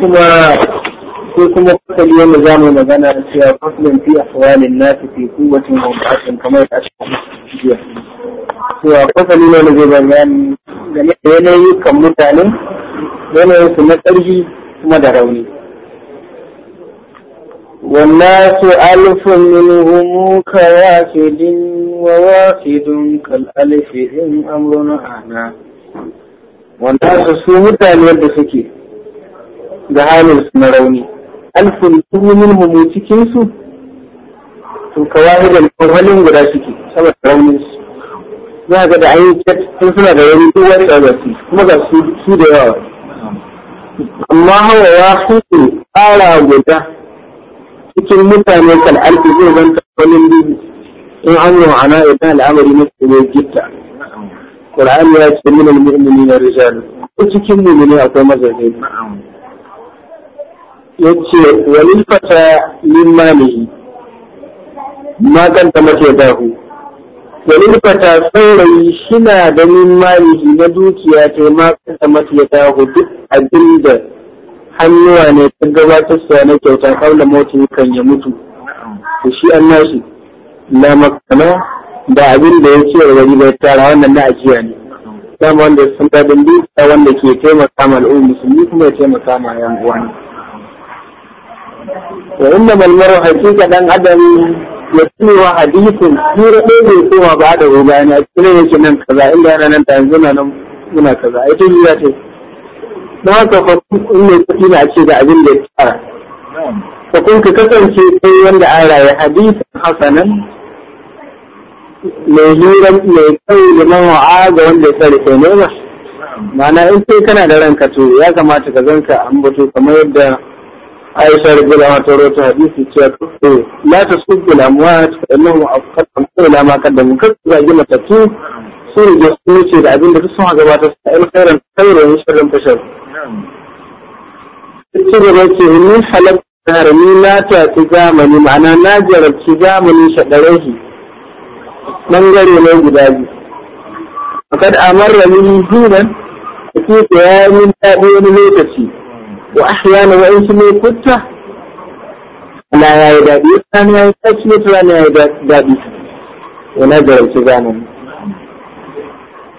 kuma sai kuma kasali wanda za mu magana cewa fasalin fi ahwalin nasu fi kuwatin mabu'atin kamar da aka jiya cewa fasali ne da zai bayani game da yanayikan mutane yanayin su na ƙarfi kuma da rauni والناس ألف منهم كواكد وواكد كالألف إن أمر Wanda والناس سوء mutane يد suke? ga halin su na rauni alfun tuni minhum cikin su to kawai da halin guda ciki saboda raunin su za ga da an yi sun suna da rauni duk wani da su kuma ga su da yawa amma hawa ya hutu tsara guda cikin mutane kan alfi zai zanta wani dubu in an yi ma'ana idan al'amari na kuma gitta Qur'an ya ce min al-mu'minina rijal cikin mu'mini akwai mazaje yace wani fata min malihi ma kanta mace dahu wani fata saurayi shina da min malihi na dukiya ta ma kanta mace dahu duk abinda da hannuwa ne ta gabatar sa na kyauta kaula mota kan ya mutu to shi an nashi na makana da abin da ya ce da gari bai tara wannan na ajiya ne dama wanda sun daɗin dukiya wanda ke taimaka ma al'ummi musulmi kuma ya taimaka ma yan uwa wa inna malmar hakika dan adam ya tuni wa hadisin hira ɗaya ne koma ba da gobe ne a cikin yake nan kaza inda yana nan ta yanzu nan muna kaza ai ta yiwa ce Na haka fa in mai kuɗi na ce da abin da ya tsara fa kun ka kasance kai wanda an raye hadisin hasanan mai hira mai kai da mawa'a ga wanda ya tsare kai ne ba ma'ana in sai kana da ranka to ya kamata ka zanka an kamar yadda aisha radiyallahu wata rawaito hadisi cewa to eh, la tasubbu al-amwat fa innahum afqadun ila ma qaddamu kar ku zagi matattu su ne su ce da abin da duk sun gabata su ayyukan khairan khairan wa sharran fashar ce gaba ce ni halatta harami na ta ci zamani ma'ana na jarabci zamani shaɗarahi bangare mai guda biyu fakad amarra ni hinan a ce ya yi daɗi wani lokaci وأحيانا وإن سمي كتة لا يعيدادي أنا أسمت وأنا يعيدادي ونظر الكذانا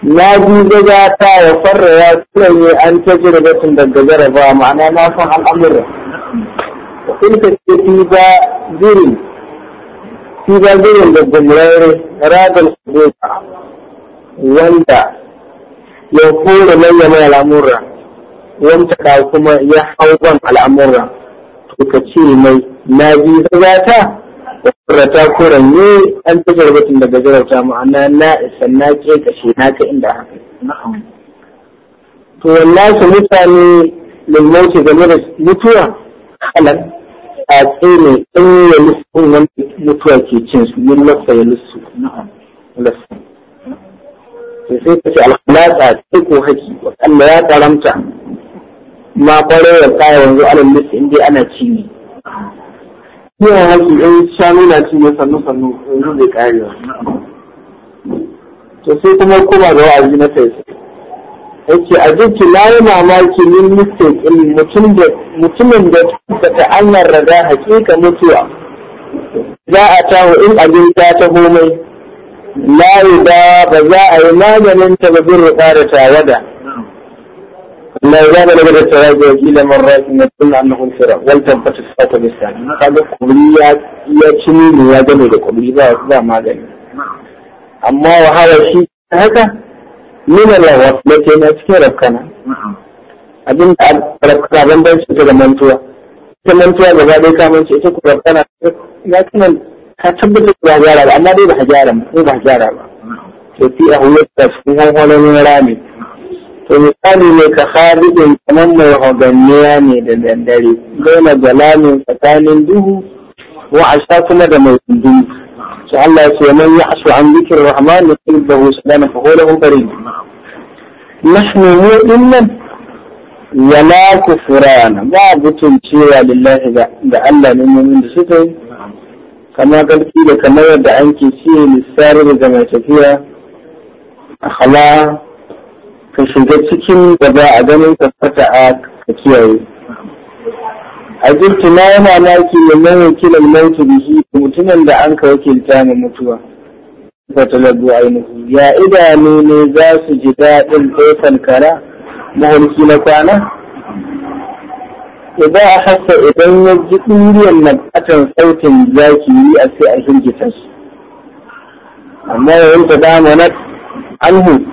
لا جيدة جاتا وفر يا سلوي أن تجربة بالجزرة فمعنى ما فهم الأمر وقلت كتيبة ذري كتيبة ذري بالجمرير راد الخبوطة وانت يقول لي ما الأمر وانتقى كما يحوضا الأمر وكتشير مي ناجي ذاتا وقرتا كورني أن تجربة بجربة معنا نائسا ناجي كشيناك إن دعاك نعم to wallahi mutane lilmauti game da mutuwa halar a tsene in ya lissun wani mutuwa ke cin su yin lafsa ya lissu lafsa sai sai ka ce alhalata sai ko haki wa ya karamta ma kwarai ya kaya wanzu alal list in dai ana ci ne yawan haƙi in shanu na ci ne sannu sannu yanzu zai kare to sai kuma kuma ga wa'azi na kai yake a jinki na yi mamaki min mistake in mutumin da ta ta annar raga hakika mutuwa za a taho in abin ta ta homai layi da ba za a yi maganin ta ba bin rufa da tawada ما زال لقد التواجع إلى مرات إن كل أنه انفرع والتفت الصوت بالسان هذا قبلية يتمي مواجهة لقبلية لا ما جميل أما وهذا الشيء هذا من الوصف التي نذكر كنا abin da rafka bambanci ta da mantuwa ita mantuwa gaba ɗaya ka mance ita ku rafka na ya kanan ka tabbatar da gyara ba amma dai ba gyara ba ba gyara ba to fi a huyar da cikin hankalin to misali ne ka kharijin kamar mai hoganniya ne da daddare gaina jalamin tsakanin duhu wa asha kuma da mai duhu to Allah ce man ya asu an zikir rahman da kun da husdana fa hola hun kare nahnu mu dinnan yana kufurana ba butun cewa lillahi ga Allah ne mumin da suka yi kama karfi da kamar yadda an ke ce lissarin ga mai tafiya akhlaq ka shiga cikin da ba a ganin ka fata a ka kiyaye a jirki na yi mamaki da man wakilan mautu bihi mutumin da an ka wakilta na mutuwa fatalabu ainihu ya idanu ne za su ji daɗin ɗaukan kara mahalki na kwana idan a hasa idan ya ji ɗuriyar nan atan sautin zaki yi a sai a hirgita shi amma yayin ta damanat anhu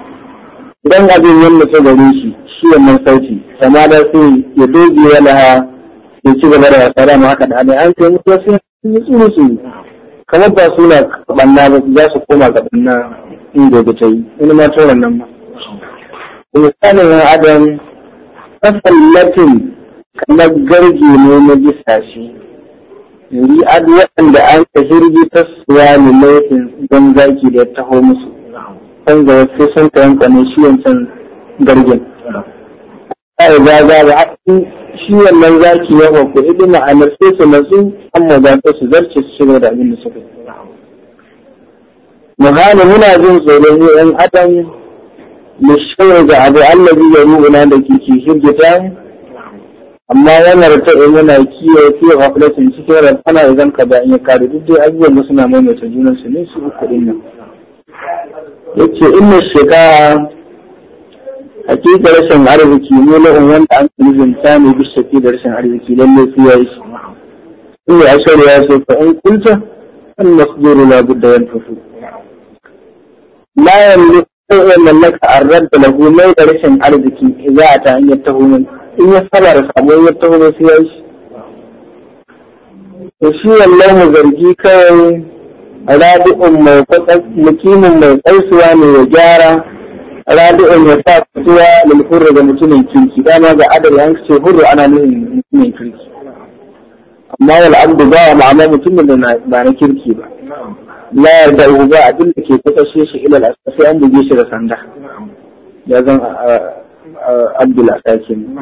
idan abin ya nufi gare shi shi wannan sauti kama da su ya doge ya laha ya ci gaba da wasa da haka da hannu an kai mutuwa sun yi tsuru yi. kamar ba su na banna ba za su koma ga banna in gobe ta yi in ma tsoron nan ba. misalin yan adam latin kama garge ne na bisa shi Yi adu waɗanda an ka hirgi ta suwa ne laifin don zaki da ya taho musu canza sai sun ta yanka shi wancan gargin ai za za ba shi wannan zaki ya ku ibi ma'anar sai su natsu amma za su zarce su shiga da abin da suka yi muhali muna jin tsoron yan adam mu shirya ga abu allabi ya ru'una da ke ke hirgita amma yanar ta in yana kiyaye fiye a cikin rantana idan ka da in ya kare duk dai abubuwan da suna maimaita junansu ne su uku ɗin nan yace inna shiga hakika rashin arziki ne lahun wanda an lizinta ne bisa da rashin arziki lalle su yayi shi in ya shari ya ce fa in kunta an masduru la budda yan fusu la yamliku an mallaka arradda lahu mai da rashin arziki idza ta an yattahu min in ya saba da samu yattahu sai yayi shi to shi wallahi zargi kai rabi'un mai mutumin mai tsarsuwa ne ya gyara rabi'un ya sa tsuwa lilhurra ga mutumin kirki dama ga adal an ce hurru ana nufin mutumin kirki amma wal abdu ba wa ma'ana mutumin da ba na kirki ba la yarda uba abin da ke kutashe shi ilal asasi an buge shi da sanda ya zan abdul asakin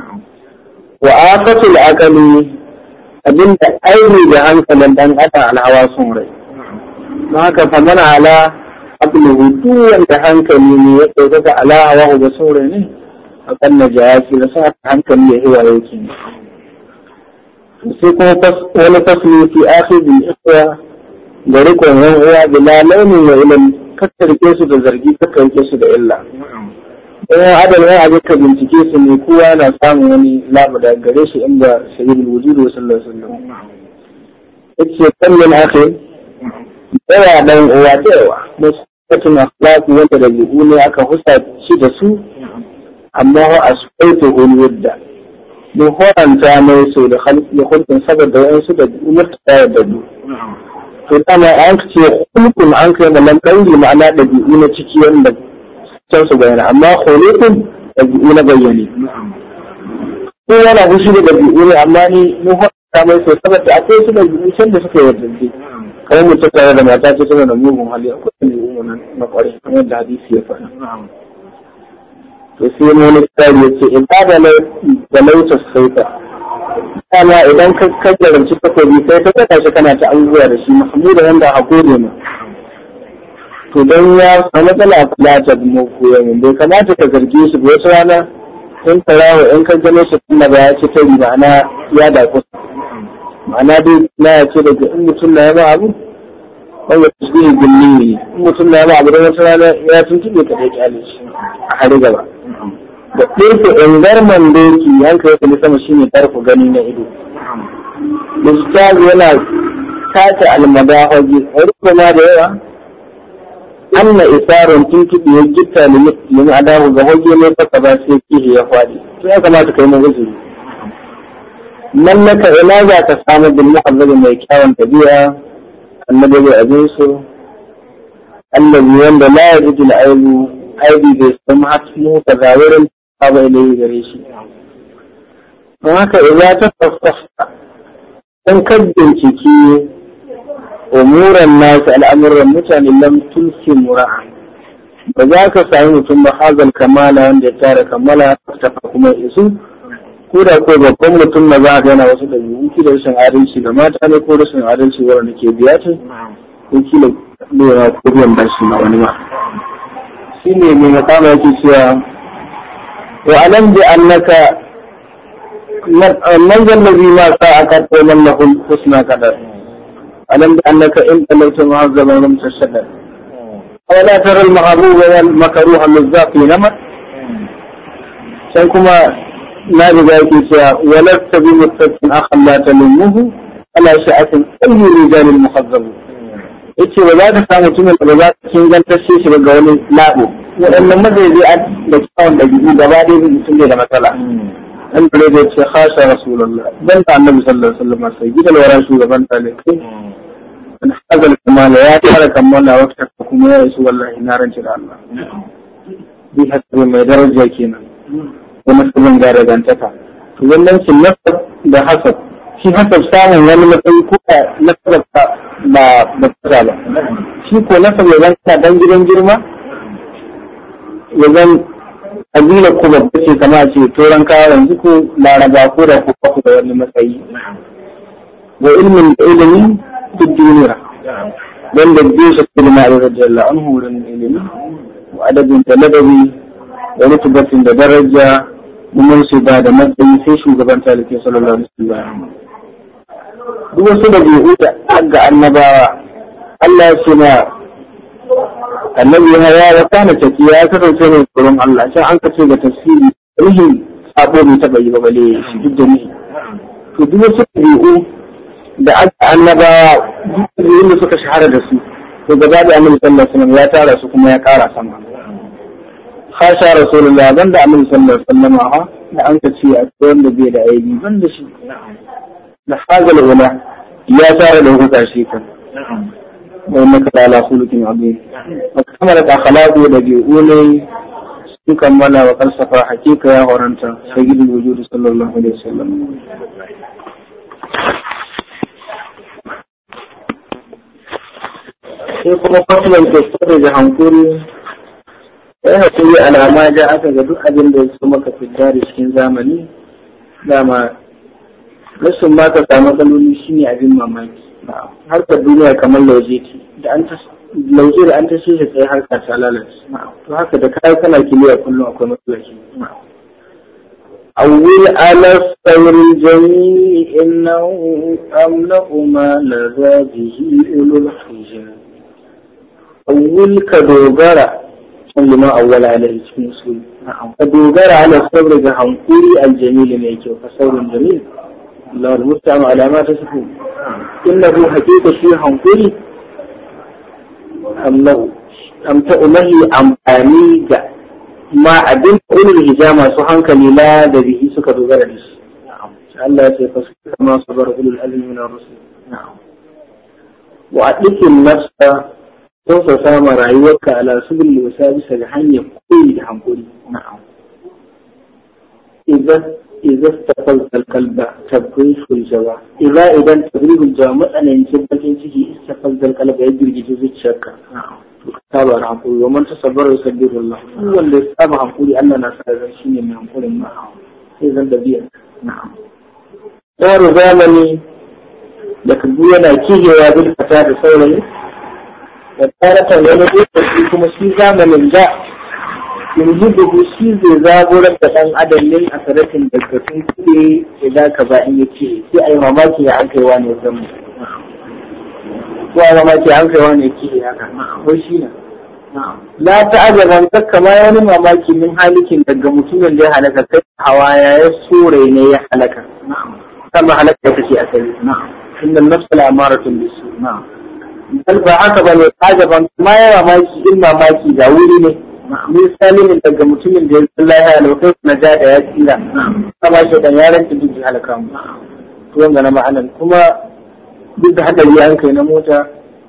wa afatul aqali abin da aini da hankalin dan adam alhawa sun rai maka haka famana ala abluhu duk wanda hankali ne ya ɗaukaka ala hawa ga saurayi ne a kan na jayaki da sa hankali ya hewa yake sai kuma wani fasli fi akhiri ikwa da rikon yan uwa bila launin wa ilan kakkarke su da zargi kakkarke su da illa ɗaya adal ya aje ka bincike su ne kowa na samun wani labu da gare shi inda sayyidul wujudu sallallahu alaihi wasallam yace kallon yawa dan uwa da yawa mutum akhlaqi wanda da ne aka husa shi da su amma wa asfaitu ul yadda mu horanta mai so da halittu hulkin saboda wayansu da umarta da yadda to dama an ce hulkun an kai da nan dangi ma'ana da na ciki wanda can su bayyana amma hulkun da na bayyane ko yana hushi da dabi'u ne amma ni mu horanta mai so saboda akwai su da can da suka yarda kai ta tare da mata ce tana da mugun hali akwai ne umunan na kwarai kamar da hadisi ya faɗa to sai mu wani tsari ya ce in ba da lauta sauka dama idan ka kaggaranci takobi sai ta kaka shi kana ta abubuwa da shi da wanda a gode ma to don ya samu matsala kula ta mu koya min bai kamata ka zarge shi ba wata rana sun tarawa in ka gane shi kuma ba ya ce ta ma'ana ya da kusa ma'ana dai na ya ce daga in mutum na ya ba abu وهو تشبيه بالنية مثلنا بعض الرسول يا تنتبه كذلك عليش أحرق بعض da ɗauke environment da yake hankali da sama shine tarfa gani na ido ustaz yana tace almadahaji rufe ma da yawa anna isarin tuntuɓe ya gitta da yin adamu ga hoge mai fasa ba sai kihi ya faɗi to ya kamata kai mun uzuri mallaka ina za ka samu bin mu'azzabi mai kyawun tabiya النبي أبيسه الذي وند لا يجد العيب عيبي بيستمعت فيه تظاهر الحظ إليه بريشي وهك إذا تتصفت إن كدن تكي أمور الناس الأمر المتعن لم تلسي مراعا فذاك سعيد ثم هذا الكمال عند تارك ملا تفتح كما إسوه ko da ko babban mutum na za a gana wasu ɗabi'u kila rashin adalci ga mata ne ko rashin adalci wanda ke biya ta ko kila ɗora ko biyan bashi na wani ma shi ne mai makama yake cewa wa alam bi annaka man zallabi ma sa aka tsoman na husna kadar alam bi annaka in talauta muhazzaba lam tashadda awala tara al-mahbuba wal makruha min zaqi namat sai kuma ما بذلك ولست بمتك اخا لا تلمه على شاعة اي رجال المخذب yace ba za ka samu mutumin da za ka kin gantacce shi ba ga wani labo waɗannan mazaizi da kyawun ɗabi'u gaba ɗaya mutum ne da matsala an da ya ce khasha rasulullah dan da annabi sallallahu alaihi wasallam sai gidan waran shugaban talibai an hazal kamala ya fara kammala wata kuma ya isu wallahi na rance da Allah bi hakki mai daraja kenan ko matsalan garagantaka to wannan sun da hasab shi hasab samun wani matsayi ko da nasab ba ba tsara ba shi ko nasab ya zanka dan gidan girma ya zan kabila ku ba ce kama ce turan kawo yanzu ko laraba ko da ku ku da wani matsayi wa ilmin da ilimin duk duniya wanda biyu sa ilma da radiyallahu an hurin ilimin wa adadin da ladabi da rutubatin da daraja Umar su ba da matsayi sai shugaban talibai sallallahu alaihi wasallam duk wasu da bihu da ga annabawa Allah ya ce na annabi ya ya wa kana tafiya ya kasance ne tsoron Allah sai an kace ga tafsiri rihin sabo mai ta yi ba bale shi duk da ni to duk wasu da bihu da aka annabawa duk da suka shahara da su to gaba da annabi sallallahu alaihi wasallam ya tara su kuma ya kara sama خاشا رسول الله بند عمل صلى الله عليه وسلم أنت في أكون لبيل عيدي بند نعم نحاج الغناء يا سار له تعشيكا نعم وإنك على خلق عظيم وكملت أخلاقه لدي أولي وقل وفلسفة حقيقة يا غرانتا سيد الوجود صلى الله عليه وسلم sai kuma fasilar da tsarraja hankuri sai hakuri alama ja aka ga duk abin da su maka fita da cikin zamani dama rashin ma ka samu shi ne abin mamaki Har ka duniya kamar lauje ce da an ta lauje da an ta shi sai ka ta lalace to haka da kai kana kiliya kullum akwai matsalaci أول على الثور الجميل إنه أملأ ما لذا به أولو الحجاب أول كدوبرة كل ما أول عليه الكون سوي نعم فدوغار على صبر جهن قولي الجميل ميكو فصور جميل الله المستعم على ما تسفو نعم. إنه حقيقة شيء هم قولي أنه أم تؤله أمباني جا ما أدن قول الهجامة سبحان كليلا دبيه سكا دوغار نعم سأل الله يتفسك كما صبر قول الأذن من الرسول نعم وأدن النفس كيف سام رأيك على سبيل وساب سجحان يقول حمقول نعم إذا إذا استقلت القلب تبقيه في الجواء إذا إذا تبقيه الجواء أنا ينسبة إنسي استقلت القلب يجري جزء الشركة نعم كتاب الحمقول ومن تصبر يصدر الله هو اللي استقلت حمقولي أنا نسأل شيء من حمقول نعم إذا دبيع نعم دار زامني لكن بيانا كيجي يا بيانا كيجي يا وتارة wani lokaci kuma shi zamanin da yanzu shi zai zaburar da ɗan adam ne a sarrafin da kafin kuɗe idan ka ba in yace sai a yi mamaki ya an kaiwa ne zan mu ko a mamaki an kaiwa ne ke haka ko shi na la ta ajaban kakka ma wani mamaki min halikin daga mutumin da ya halaka kai hawa ya ya sore ne ya halaka sama halaka da kake asali inna nafsala amaratun bisu na'am dan ba haka bane kaga ban ma ya mamaki in mamaki ga wuri ne min salimin daga mutumin da ya san lahiya lokacin na ja da ya tsira kama shi dan yaran ta jiji halaka mu to na ma'anan kuma duk da hadari an kai na mota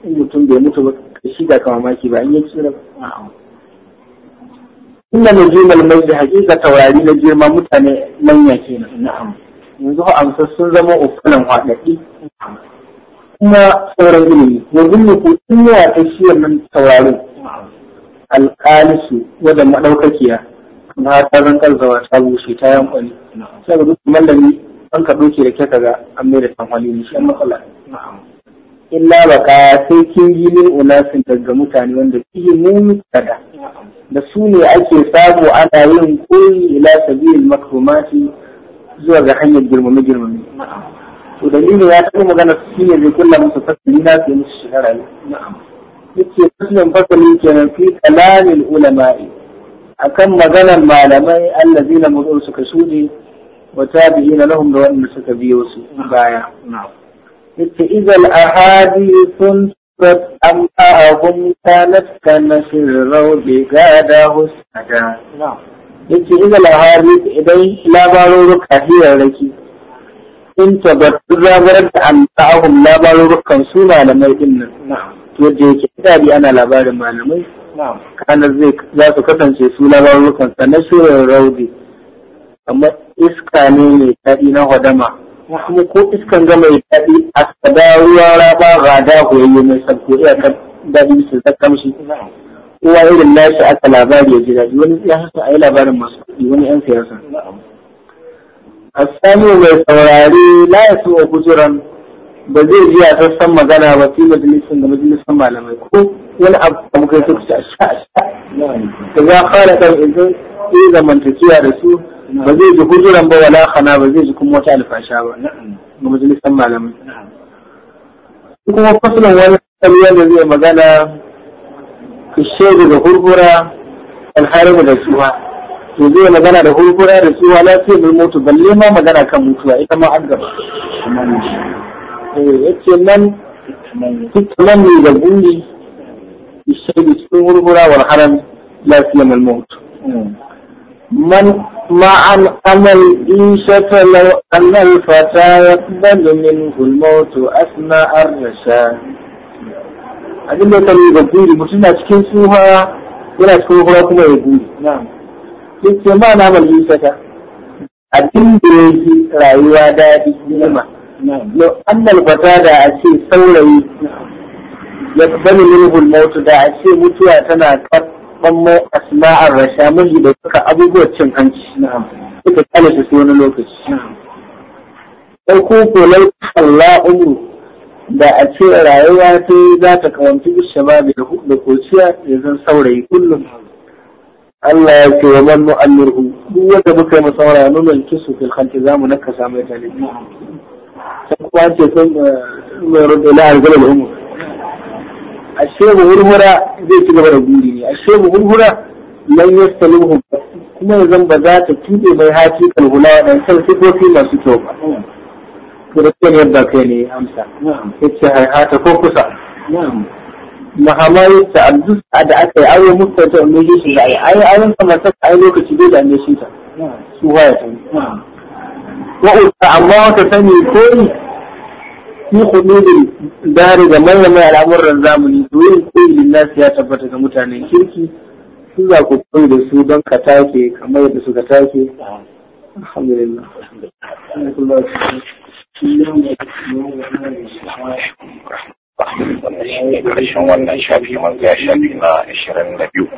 in mutum bai mutu ba shi da kama mamaki ba in ya tsira ba inna nujumul da hakika taurari na girma mutane manya kenan na'am yanzu amsa sun zama ufulan haɗaɗɗi kuma sauran ilimi yanzu ne ko in ta shi wannan tauraro. Alkalisu wadda maɗaukakiya na ta zan ta bushe ta yankwani sai ga duk mallami an ka doke da kyaka ga an mai da tanhali ne shi an matsala illa baka sai kin yi min unasin daga mutane wanda fiye muni kada da su ne ake sabo ana yin koyi ila sabilil makrumati zuwa ga hanyar girmame girmame ودليل يا أخي مجانا السينية لكل متفكرين في نص الشهر نعم يتسي قسم بطل يتنا في كلام العلماء أكم مجانا المعلماء الذين مدعوا سكسودي وتابعين لهم دواء المسكة بيوسي بايا نعم يتسي إذا الأحاديث تنفت أم أعظم كانت كنسر روض بقاده السجا نعم يتسي إذا الأحاديث إذا لا بارو ركحي عليكي in ta ba zaburar da an ta'ahum labarurukan su malamai din nan yadda yake dadi ana labarin malamai kana zai za su kasance su labarurukan sannan shirin raudi amma iska ne mai daɗi na hodama kuma ko iskan ga mai daɗi a sada ruwa raba gada goyayye mai sabko iya kan daɗi su ta kamshi kowa irin nashi aka labari ya ji daɗi wani ya hasa a yi labarin masu kuɗi wani 'yan siyasa asami mai saurari la ya su kujuran ba zai ji a sassan magana ba fi majalisun da majalisun malamai ko wani abu kai suka ci a sha a sha da za fara kan idan yi zamantakewa da su ba zai ji kujuran ba wala kana ba zai ji kuma wata alfasha ba ga majalisun malamai kuma fasalin wani kaliyar da zai magana kishe daga hurhura alharin da suwa to zai magana da hulhura da tsuwa lafiya mai mutu balle ma magana kan mutuwa ita ma an gaba ya ce nan tuttalan ne da guri ishaidu cikin hulhura wal haram lafiya mai mutu من مع الأمل إن شك لو أن الفتى يقبل منه الموت أثناء الرشاد abin da ya kalli ga buri mutum na cikin tsuha yana cikin hura kuma ya buri yake ma na mal yusaka abin da yake rayuwa daɗi ni'ima no annal da a ce saurayi ya bani minhul mautu da a ce mutuwa tana karɓan mai asma'ar rasha mai da suka abubuwan cin hanci suka kalata su wani lokaci sai ko ko lai Allah umru da a ce rayuwa ta za ta kawanci shababi da kociya ya zan saurayi kullum الله كيومن مؤمره هو دبك ما صورا نون الكسو في الخنتزام ونكس عميتا لبنهم سكوان تسم مرد الى انزل العمر الشيء مهرهرة ذي تقبل بوليني الشيء مهرهرة لن يستلمه كما يزنب ذات كيدي بيهاتي كالغلاء انسان سكو في ما ستوبة كرتين يبدأ كيني امسا نعم اتشاهي هاتا فوكسا نعم mahamai ta abdus da aka yi aure musta ta umeje shi da ai auren sa mata ai lokaci bai da shi ta su waya ta wa uta amma ka sani ko koyi fi hududin dare da manyan mai al'amuran zamani doyin koyi lillahi ya tabbata ga mutanen kirki su za ku koyi da su don ka take kamar yadda suka take alhamdulillah السلام عليكم ورحمة الله wannan shi ƙarshen wannan shafi man ga shafi na ashirin da biyu